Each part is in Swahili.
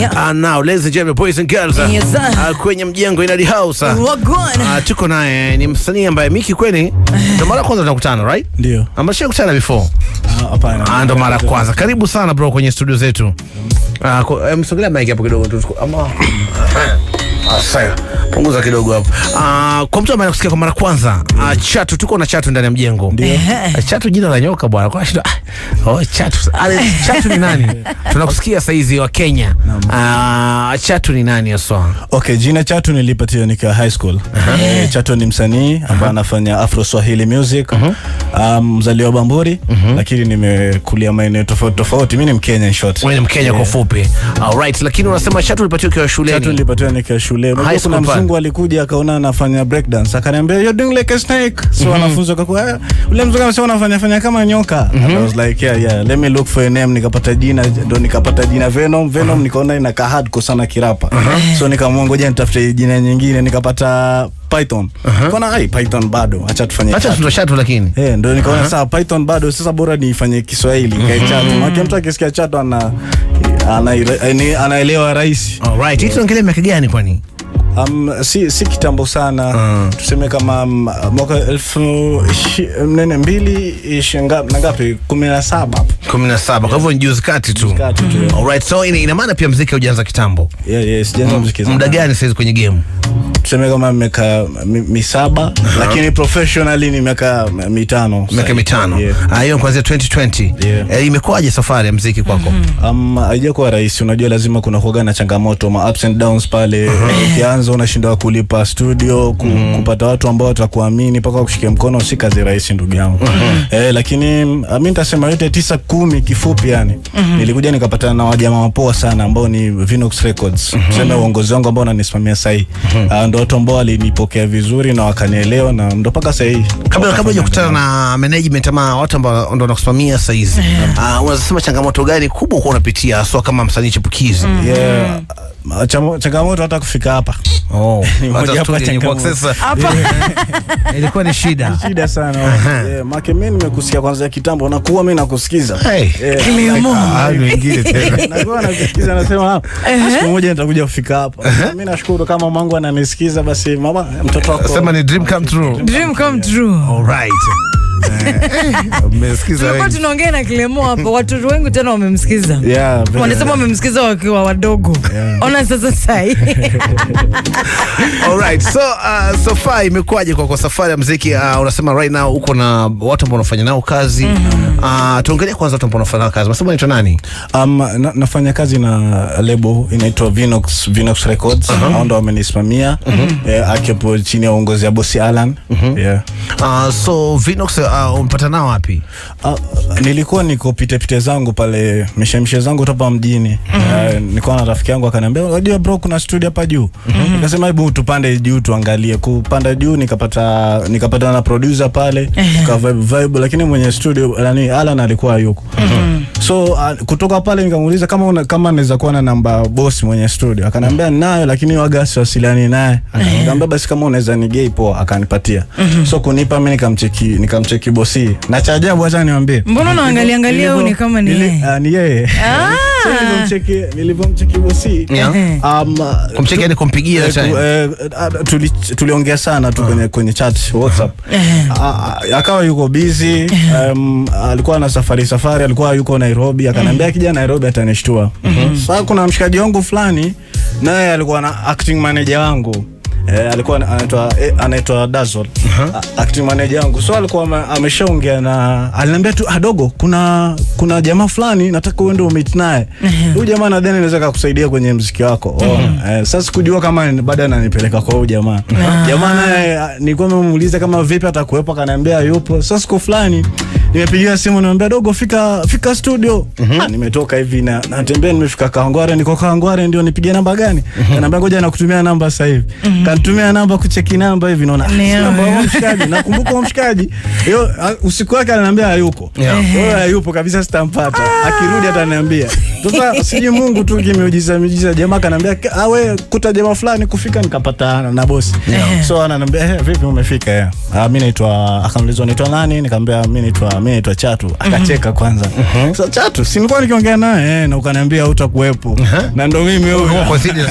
yeah. Uh, now ladies and gentlemen, boys and girls yes, uh, uh, kwenye mjengo Inadi House uh, tuko naye ni msanii ambaye Miki kweli ndo mara kwanza tunakutana right? Ndio. Ambaye ah, kutana before? Hapana. Uh, ndo mara kwanza. Karibu sana bro kwenye studio zetu. Uh, eh, msogelea mic hapo kidogo tu. Ama Ah, sawa. Punguza kidogo hapo. Ah, kwa mtu ambaye anakusikia kwa mara kwanza, uh, Chatu tuko na Chatu ndani ya mjengo. Ndio. Eh, chatu jina la nyoka bwana. Kwa shida. Ah, oh, Chatu. Ale, eh, Chatu ni nani? Tunakusikia saa hizi wa Kenya. Ah, Chatu ni nani aswa? Okay, jina Chatu nilipatiwa nikiwa high school. Uh -huh. Eh, chatu ni msanii ambaye uh-huh. anafanya Afro Swahili music. Uh -huh. Um, mzaliwa Bamburi, uh -huh. Lakini nimekulia maeneo tofauti tofauti. Mimi ni Mkenya in short. Wewe ni Mkenya kwa fupi. Alright, lakini unasema Chatu ulipatiwa kwa shule. Chatu nilipatiwa nikiwa shule shule. Unajua kuna mzungu alikuja akaona anafanya breakdance akaniambia you're doing like a snake. So mhm. wanafunzi wakakuwa eh, ule mzungu anasema unafanya fanya kama nyoka. Mhm. And I was like yeah yeah let me look for a name nikapata jina ndo nikapata jina Venom. Venom mhm. nikaona inakaa hardcore sana kirapa. Uh-huh. So nikaamua ngoja nitafute jina nyingine nikapata Python. Nikaona ai Python bado, acha tufanye. Acha tutoshatu lakini. Eh, ndio nikaona sawa Python bado, sasa bora niifanye Kiswahili. Kaichat. Mhm. Maana mtu akisikia chat ana anaelewa rahisi. All right. Hicho ongelea miaka gani kwani? Um, si, si kitambo sana mm. Tuseme kama um, mwaka elfu nne mbili na ngapi, kumi na saba kumi na saba Kwa hivyo ni juzi kati tu. All right, so ina maana pia mziki haujaanza kitambo. Yeah, yeah, sijaanza mziki. Muda gani sasa kwenye game? tuseme kama miaka misaba lakini professionally ni miaka mitano. Miaka mitano ah, hiyo kuanzia 2020. Eh, imekuwaje safari ya muziki kwako? Mhm. Um, haijakuwa rahisi, unajua lazima kuna kuwaga na changamoto, ma ups and downs pale. Eh, ukianza unashindwa kulipa studio, mhm. kupata watu ambao watakuamini mpaka kushika mkono, si kazi rahisi ndugu yangu. Mhm. Eh, lakini mimi ah, nitasema yote 9 10 kifupi yani. Nilikuja nikapatana na wajamaa wapoa sana ambao ni Vinox Records. Tuseme uongozi wangu ambao unanisimamia sasa hivi. Ah, Ndoto ambao walinipokea vizuri na wakanielewa na ndo mpaka sasa hivi. Kabla kabla hujakutana na management ama watu ambao ndo wanakusimamia sasa hizi, eh. ah, unasema changamoto gani kubwa kwa unapitia hasa kama msanii chipukizi? mm. Yeah. Mm. Ah, changamoto hata kufika hapa. Oh, ilikuwa ni shida. Shida sana. yeah. maki mimi nimekusikia kwanza kitambo na kuwa mimi nakusikiza. Ah, wengine tena. nasema, siku moja nitakuja kufika hapa. Mimi nashukuru kama mwangu ananisikia kusikiza basi mama, mtoto wako. Sema ni dream come true. Dream come true. All right. Eh, Tulikuwa tunaongea na hapo, watoto wengi tena wamemsikiza, wanasema wamemsikiza wakiwa wadogo. Ona sasa sai. so uh, so far imekuwaje kwa kwa safari ya muziki? Uh, unasema right now uko na watu ambao unafanya nao kazi. Mhm. Uh, tuongelee kwanza watu ambao unafanya nao kazi. Unasema unaitwa nani? Um, na, nafanya kazi na lebo inaitwa Vinox, Vinox Records. Uh uh-huh. -huh. Ndio wamenisimamia. Uh mhm. Yeah, akipo chini ya uongozi ya bosi Alan. Mm -hmm. Yeah. Uh, so Vinox uh, uh, umpata nao wapi? Uh, nilikuwa niko pite pite zangu pale mishemishe zangu topa mjini mm -hmm. Uh, nilikuwa na rafiki yangu akaniambia, unajua bro, kuna studio hapa juu mm -hmm. Nikasema hebu tupande juu tuangalie. Kupanda juu nikapata nikapata na producer pale tuka vibe vibe, lakini mwenye studio nani Alan alikuwa yuko mm -hmm. So uh, kutoka pale nikamuuliza kama una, kama naweza kuwa na namba boss mwenye studio, akaniambia mhm. nayo, lakini waga siwasiliani naye. Akaniambia basi kama unaweza nigei poa, akanipatia. Mhm. So kunipa mimi nikamcheki nikamcheki kibosi na cha ajabu, hata niambie, mbona unaangalia angalia huyu ni kama ni yeye? Ah, ni yeye. Ah. Nilivyomcheki bosi, um, kumcheki kumpigia, eh, eh, ah, tuliongea sana tu kwenye kwenye chat WhatsApp, akawa yuko busy, um, alikuwa na safari safari, alikuwa yuko Nairobi, akaniambia kija Nairobi atanishtua. Mhm. Sasa kuna mshikaji wangu fulani, naye alikuwa na acting manager wangu eh, alikuwa anaitwa eh, anaitwa Dazol acting manager yangu, so alikuwa ameshaongea na aliniambia tu adogo, ah, kuna kuna jamaa fulani nataka uende umeet naye huyu jamaa, nadhani anaweza kukusaidia kwenye mziki wako. Oh, eh, sasa sikujua kama baada ananipeleka kwa huyu jamaa, ah. jamaa naye ah, nilikuwa nimemuuliza kama vipi atakuwepo, akaniambia yupo. Sasa siku fulani Nimepigia simu naambia dogo, fika fika studio. Mm -hmm. Ah, ha, nimetoka hivi na natembea nimefika kangware niko kangware ndio nipige namba gani? Mm -hmm. Kanaambia ngoja nakutumia namba sasa hivi. Mm -hmm. Kanitumia namba kucheki namba hivi naona. Ah, namba mshikaji, nakumbuka mshikaji. hiyo ah, usiku wake ananiambia hayuko. Yeah. Yo hayupo kabisa sitampata. Akirudi ataniambia. Sasa sijui Mungu tu kimeujiza miujiza, jamaa kanaambia awe ah, kuta jamaa fulani kufika, nikapata na bosi yeah. So ananiambia hey, eh, vipi umefika? Yeah. Ah, mimi naitwa, akaniuliza naitwa nani? Nikamwambia mimi naitwa mimi naitwa Chatu. Mhm. Akacheka kwanza. Mm -hmm. So Chatu, si nilikuwa nikiongea naye eh, na ukaniambia hutakuwepo. Uh mhm. -huh. Na ndo mimi huyo. Kwa Uko serious?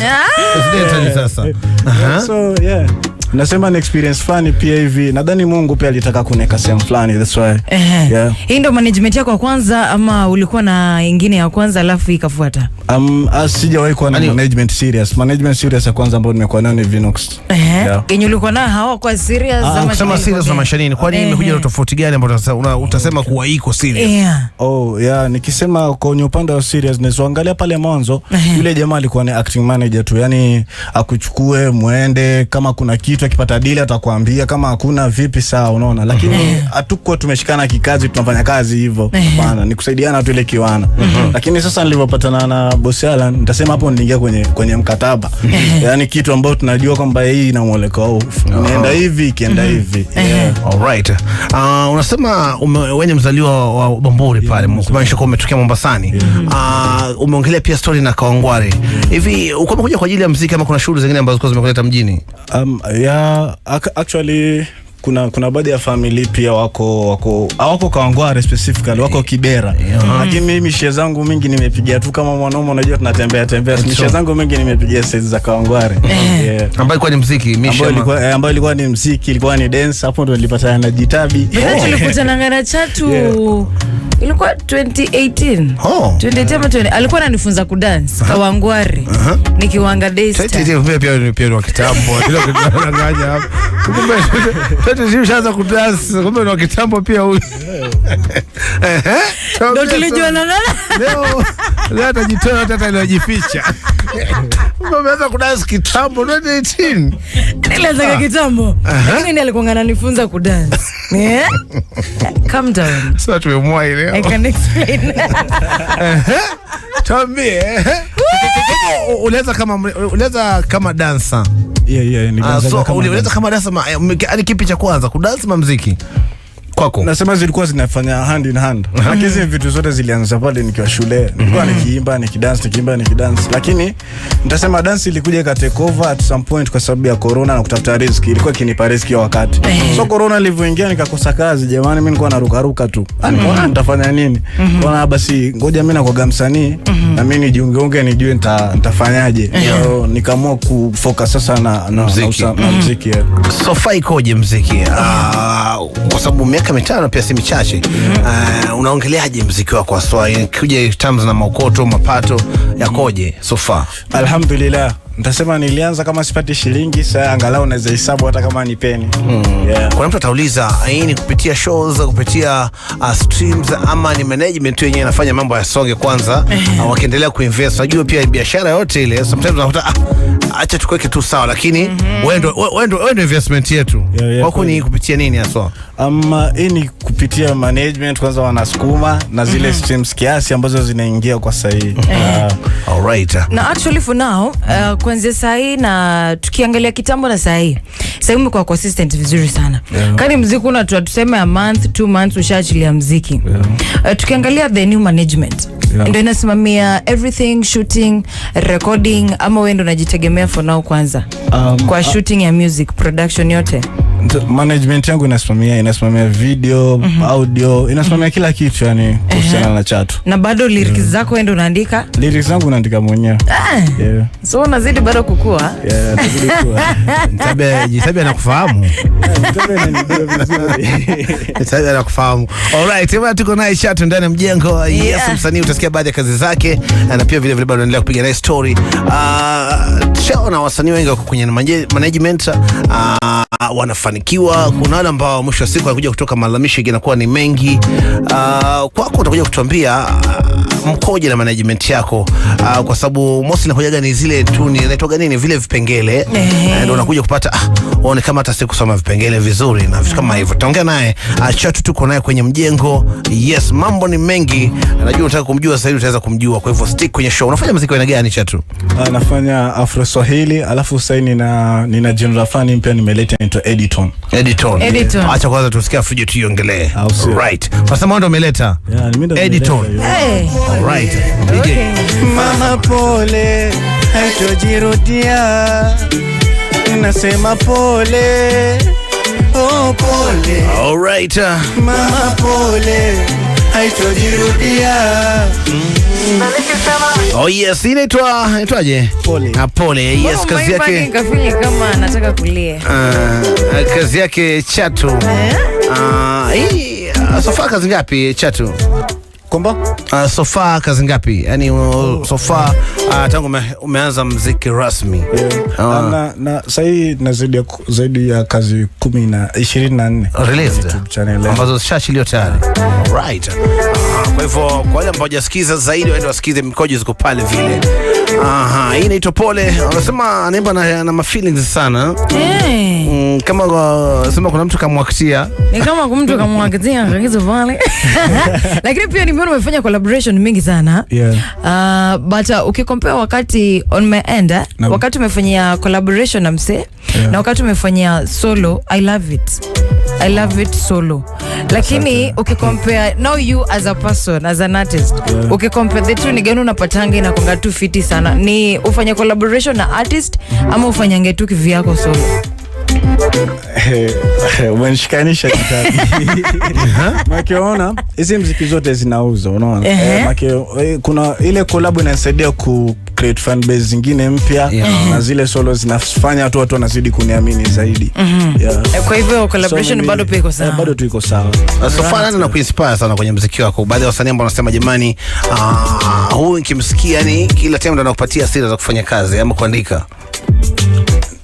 Sasa. Mhm. So yeah. Nasema ni experience fulani pia hivi. Nadhani Mungu pia alitaka kuneka sehemu fulani, that's why. Eh, yeah. Hii ndo management yako ya kwanza ama ulikuwa na ingine ya kwanza alafu ikafuata? Um, ah, sijawahi kuwa na management serious. Management serious ya kwanza ambayo nimekuwa nayo ni Vinox. Eh. Yeah. Yenye ulikuwa nayo hawakuwa serious ah, ama kusema serious na mashanini. Kwani imekuja na tofauti gani ambayo utasema kuwa iko serious? Yeah. Oh, yeah, nikisema kwenye upande wa serious ni angalia pale mwanzo yule jamaa alikuwa ni acting manager tu. yani akuchukue muende kama kuna kitu mtu akipata dili atakwambia, kama hakuna vipi, sawa, unaona. Lakini mhm. hatukuwa tumeshikana kikazi, tunafanya kazi hivyo, mhm. hapana, ni kusaidiana tu ile kiwana. Mhm. Lakini sasa nilipopatana na bosi Alan, nitasema hapo niliingia kwenye kwenye mkataba, yani kitu ambacho tunajua kwamba hii ina mwelekeo, inaenda hivi, ikienda hivi. All Alright, ah, unasema wewe mzaliwa wa Bamburi pale, kumaanisha kwamba umetokea Mombasani. Ah, umeongelea pia story na Kaongware, hivi uko umekuja kwa ajili ya muziki ama kuna shughuli zingine ambazo zimekuleta mjini? Um, ya Yeah, actually kuna kuna baadhi ya family pia wako wako hawako Kawangware specifically wako eh, Kibera, eh, ah, mm. lakini mm. mimi shia zangu mingi nimepiga tu kama mwanaume, unajua tunatembea tembea, shia zangu mingi nimepiga sets za Kawangware eh. ambayo ilikuwa ni muziki, ambayo ilikuwa ambayo ilikuwa ni muziki, ilikuwa ni dance. Hapo ndo nilipata na Jitabi, tulikutana ngara chatu ilikuwa 2018 oh. 2018 uh. alikuwa ananifunza kudance Kawangware uh -huh. nikiwanga Daystar 2018 pia ni pia ni kitambo bila kudanganya hapo kumbe tete ushaanza kudance kumbe ni kitambo pia huyu eh eh ndio na leo leo atajitoa hata ile atajificha Umeanza kudansi kitambo 2018. Nilianza ah. kitambo. Lakini alikuwa ananifunza kudansi. Yeah? Calm down. Sasa tumemwa ile. I can explain. Tuambie. kama kama dansa. Yeah, yeah, ah, kama. kama dansa, eh, kipi cha kwanza? Kudansi ma muziki? kwako? Nasema zilikuwa zinafanya hand in hand, mm -hmm. lakini hizi vitu zote zilianza pale nikiwa shule, nilikuwa mhm. nikiimba nikidance, nikiimba nikidance, lakini nitasema dance ilikuja ika take over at some point kwa sababu ya corona na kutafuta riziki, ilikuwa ikinipa riziki ya wakati. Eh. So corona ilivyoingia nikakosa kazi, jamani, mimi nilikuwa naruka ruka tu, ah, nikaona mhm. nitafanya nini? mm Nikaona basi ngoja mimi nakuwa msanii mhm. na mimi nijiungeunge, nijue nita, nitafanyaje. mm -hmm. So nikaamua kufocus sasa na na muziki. So fai koje muziki, ah, kwa sababu miaka miaka mitano pia si michache. mm -hmm. Uh, unaongeleaje mziki wako aswa kuja terms na maokoto mapato yakoje so far? Alhamdulillah, Ntasema nilianza kama sipati shilingi, saa, angalau naweza hesabu hata kama ni peni. Mm. Yeah. Kuna mtu atauliza eh, hii ni kupitia shows, kupitia uh, streams ama ni management tu yenyewe inafanya mambo yasonge kwanza, uh, wakiendelea kuinvest. Najua pia biashara yote ile sometimes unakuta ah, acha tukuweke tu sawa, lakini mm -hmm. wewe ndio wewe ndio investment yetu. Yeah, yeah, kwako ni kupitia nini haswa? ama hii ni kupitia management kwanza, wanasukuma na zile mm -hmm. streams kiasi ambazo zinaingia kwa sahihi uh, eh. all right. Na actually for now uh, kuanzia sahihi na tukiangalia kitambo na sahihi, sahihi umekuwa consistent vizuri sana yeah. Kani mziki una tu tuseme a month two months ushaachilia mziki yeah. Uh, tukiangalia the new management yeah. Ndio inasimamia everything shooting, recording ama wewe ndio unajitegemea for now kwanza um, kwa uh, shooting uh, ya music production yote management yangu inasimamia inasimamia video mm -hmm. audio inasimamia mm -hmm. kila kitu yani kuhusiana uh -huh. na chatu. Na bado lyrics yeah. Mm. zako ndio unaandika? Lyrics zangu naandika mwenyewe. Ah. Yeah. So unazidi bado kukua? Yeah, nazidi kukua. Tabia tabia anakufahamu. Tabia anakufahamu. all right sema tuko naye chatu ndani ya mjengo. Yes, yeah. Msanii utasikia baadhi ya kazi zake ah, na pia vile vile bado anaendelea kupiga naye story. Ah, uh, na wasanii wengi wako kwenye management. uh, Ah, wanafanikiwa. Kuna wale ambao mwisho wa siku wanakuja kutoka malalamishi, inakuwa ni mengi. Uh, kwako utakuja kutuambia uh, mkoje na management yako uh, kwa sababu mosi nakujaga ni zile tu naitoga nini vile vipengele hey. Eh, ndio unakuja kupata ah, one kama hata sikusoma vipengele vizuri na vitu kama hivyo. Taongea naye uh, ah, chatu tuko naye kwenye mjengo. Yes, mambo ni mengi, najua unataka kumjua sasa hivi utaweza kumjua, kwa hivyo stick kwenye show. Unafanya muziki wa aina gani chatu? Uh, ah, nafanya afro swahili, alafu sasa nina nina genre fani mpya nimeleta into editon editon. Editon, acha kwanza tusikie afro yetu iongelee, right? Kwa sababu ndio umeleta Yeah, editon right. Okay. Mama pole, haitojirudia. Nasema pole. Oh, pole. All right. Uh, Mama pole, haitojirudia. Oh yes, inaitwa inaitwaje? Pole. Ah, pole. Yes, kazi yake. Kama anataka kulia. Uh, kazi yake Chatu. Eh? Ah, Uh, hii ah, sofa kazi ngapi Chatu? kwamba uh, ah, sofa kazi ngapi? Yani uh, oh. sofa uh, ah, tangu ume, umeanza mziki rasmi yeah. uh. na, na sahii na zaidi ya, zaidi ya kazi kumi na ishirini na nne ambazo zishaachiliwa tayari right. Kwa hivyo kwa wale ambao wajasikiza zaidi waende wasikize mikojo ziko pale vile Aha, hii inaitwa Pole. Anasema anaimba na, na ma feelings sana. Hey. Mm, kama anasema kuna mtu kamwaktia. Ni kama kuna mtu kamwaktia kakizo pale. Lakini pia nimeona umefanya collaboration mingi sana. Yeah. Uh, but uh, ukikompea wakati on my end, eh? No. Wakati umefanyia collaboration na msee yeah. Na wakati umefanyia solo I love it. I love it solo lakini ukikompea now you as a person as an artist yeah. ukikompea the two ni gani unapatanga inakonga tu fiti sana ni ufanye collaboration na artist ama ufanyange tu kivyako solo umenishikanisha make ona hizi mziki zote zinauzwa unaona eh, make eh, kuna ile kolabu inasaidia ku fan base zingine mpya yeah. na mm-hmm. zile solo zinafanya tu watu wanazidi kuniamini zaidi mm -hmm. yeah. Eh, kwa hivyo collaboration so, bado pia iko sawa, bado tu iko sawa eh, ah, so far na kuinspire sana kwenye muziki wako. Baadhi ya wasanii ambao wanasema jamani, uh, ah, huyu nikimsikia ni kila time ndo anakupatia za kufanya kazi ama kuandika.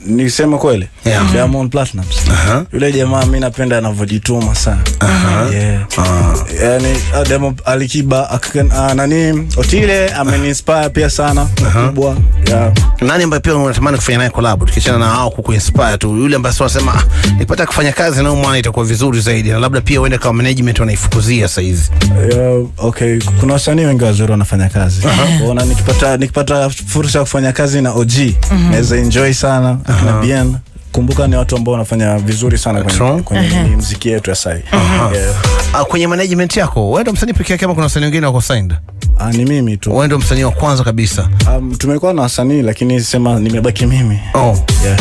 Nisema kweli Yeah. Mm-hmm. Diamond Platnumz. Uh -huh. Yule jamaa mimi napenda anavyojituma sana. Uh -huh. Yeah. Uh -huh. Ah. Yani ah, Diamond Alikiba ah, akikan uh, nani Otile ameninspire pia sana kubwa. Uh -huh. Yeah. Nani ambaye pia unatamani kufanya naye collab? tukichana na hao kuku inspire tu. Yule ambaye sio anasema nipata kufanya kazi na mwana itakuwa vizuri zaidi na labda pia uende kama management wanaifukuzia sasa hizi. Yeah, okay. Kuna wasanii wengi wazuri wanafanya kazi. Uh -huh. Bona nikipata nikipata fursa ya kufanya kazi na OG, uh mhm. -huh. naweza enjoy sana. Uh -huh. Na Bien kumbuka ni watu ambao wanafanya vizuri sana kwenye, kwenye uh -huh. mziki yetu ya sai uh -huh. yeah. uh, kwenye management yako wewe ndo msanii pekee yake ama kuna wasanii wengine wako signed? Ah, ni mimi tu. Wewe ndo msanii wa kwanza kabisa. Um, tumekuwa na wasanii lakini sema nimebaki mimi. Oh. Yeah.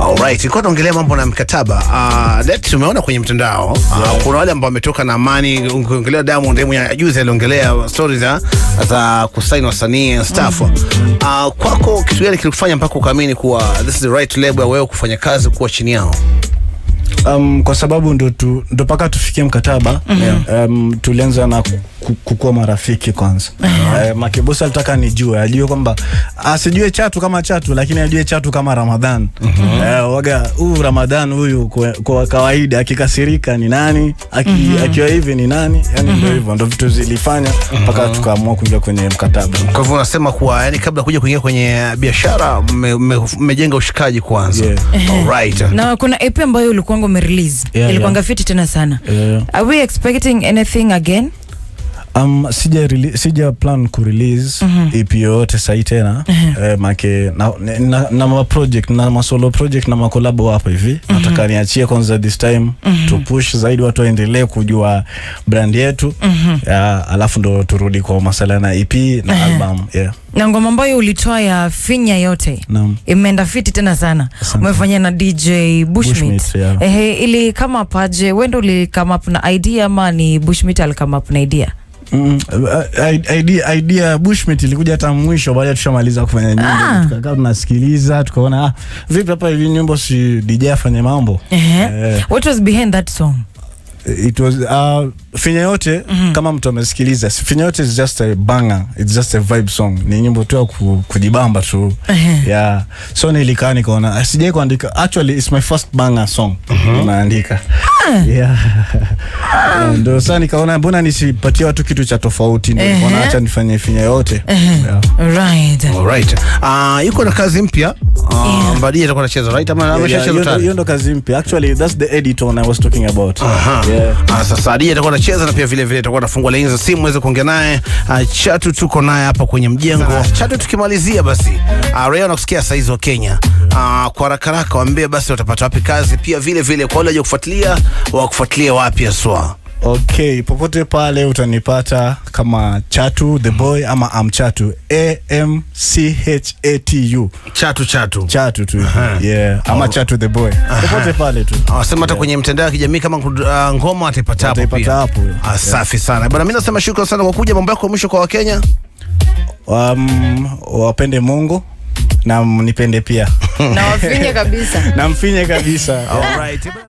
Alright, ilikuwa tunaongelea mambo na mkataba. Uh, ah, let tumeona kwenye mtandao. Uh, yeah. kuna wale ambao wametoka na amani, ungeongelea Diamond demo ya juzi aliongelea stories za za kusign wasanii and stuff. Mm -hmm. Uh, kwako kitu gani kilikufanya mpaka ukaamini kuwa this is the right label ya wewe kufanya kazi kuwa chini yao? Um, kwa sababu ndo tu ndo paka tufikie mkataba mm -hmm. Um, tulianza na kukuwa marafiki kwanza. uh -huh. Uh, eh, Makebosa alitaka nijue, alijua kwamba asijue ah, chatu kama chatu, lakini ajue chatu kama Ramadhan. Mhm. Eh, uh -huh. uh, waga huu Ramadhan huyu kwa, kawaida akikasirika ni nani aki, uh mhm. -huh. akiwa hivi ni nani yani, ndio mhm. hivyo ndo vitu zilifanya mpaka uh -huh. tukaamua kuingia kwenye mkataba. Kwa hivyo unasema kuwa yani kabla kuja kuingia kwenye biashara mmejenga ushikaji kwanza. yeah. right. Na kuna EP ambayo ulikuwa umerelease, yeah, ilikuwa yeah. ngafiti tena sana. Yeah. Are we expecting anything again? Um, sija, sija plan ku release mm -hmm. EP yoyote sahi tena mm -hmm. eh, make na, na, na ma project na ma solo project na ma collab hapa hivi mm -hmm. nataka niachie kwanza this time mm -hmm. to push zaidi watu waendelee kujua brand yetu mm -hmm. uh, alafu ndo turudi kwa masala na EP na uh -huh. album yeah. Na ngoma ambayo ulitoa ya finya yote no. imeenda fiti tena sana, umefanya na DJ Bushmit yeah. Ehe, ili kama paje aje, wewe ndo uli come up na idea ama ni Bushmit al come up na idea? Mm, uh, idea, idea ya Bushmint ilikuja hata mwisho baada tushamaliza kufanya nyimbo. Ah. Tukakaa tunasikiliza tukaona ah, vipi hapa hivi nyimbo si DJ afanye mambo. Eh. What was behind that song? It was uh, Finya yote mm -hmm. Kama mtu amesikiliza Finya yote is just a banger, it's just a vibe song, ni nyimbo tu ya ku, kujibamba tu yeah. So nilikaa nikaona ah, sijai kuandika, actually it's my first banger song mm -hmm. naandika ah. yeah. Ndio sasa nikaona mbona nisipatie watu kitu cha tofauti, ndio nikaona acha nifanye Finya yote yeah. Right, all right. Ah, uh, yuko na kazi mpya ah, Mbadi atakuwa anacheza right ama ameshacheza tayari? Hiyo ndo kazi mpya actually, that's the editor I was talking about. uh -huh. yeah. uh, sasa Adi atakuwa tunacheza na pia vile vile tutakuwa tunafungua laini za simu weze kuongea naye ah, Chatu, tuko naye hapa kwenye mjengo Chatu. Tukimalizia basi, ah, Rea, anakusikia saizi wa Kenya. Uh, kwa haraka haraka waambie basi watapata wapi kazi, pia vile vile kwa wale waje kufuatilia wa kufuatilia wapi aswa. Okay, popote pale utanipata kama Chatu the mm-hmm. boy ama Amchatu, A M Chatu Chatu Chatu tu, yeah, ama oh. Chatu the boy, popote pale tu. Asema hata kwenye mtandao wa kijamii kama uh, ngoma ataipata hapo pia. Ah, safi sana bwana, mimi nasema shukrani sana kwa kuja. Mambo yako mwisho kwa Wakenya, um, wapende Mungu na mnipende pia. Na mfinye kabisa. Na mfinye kabisa. All right.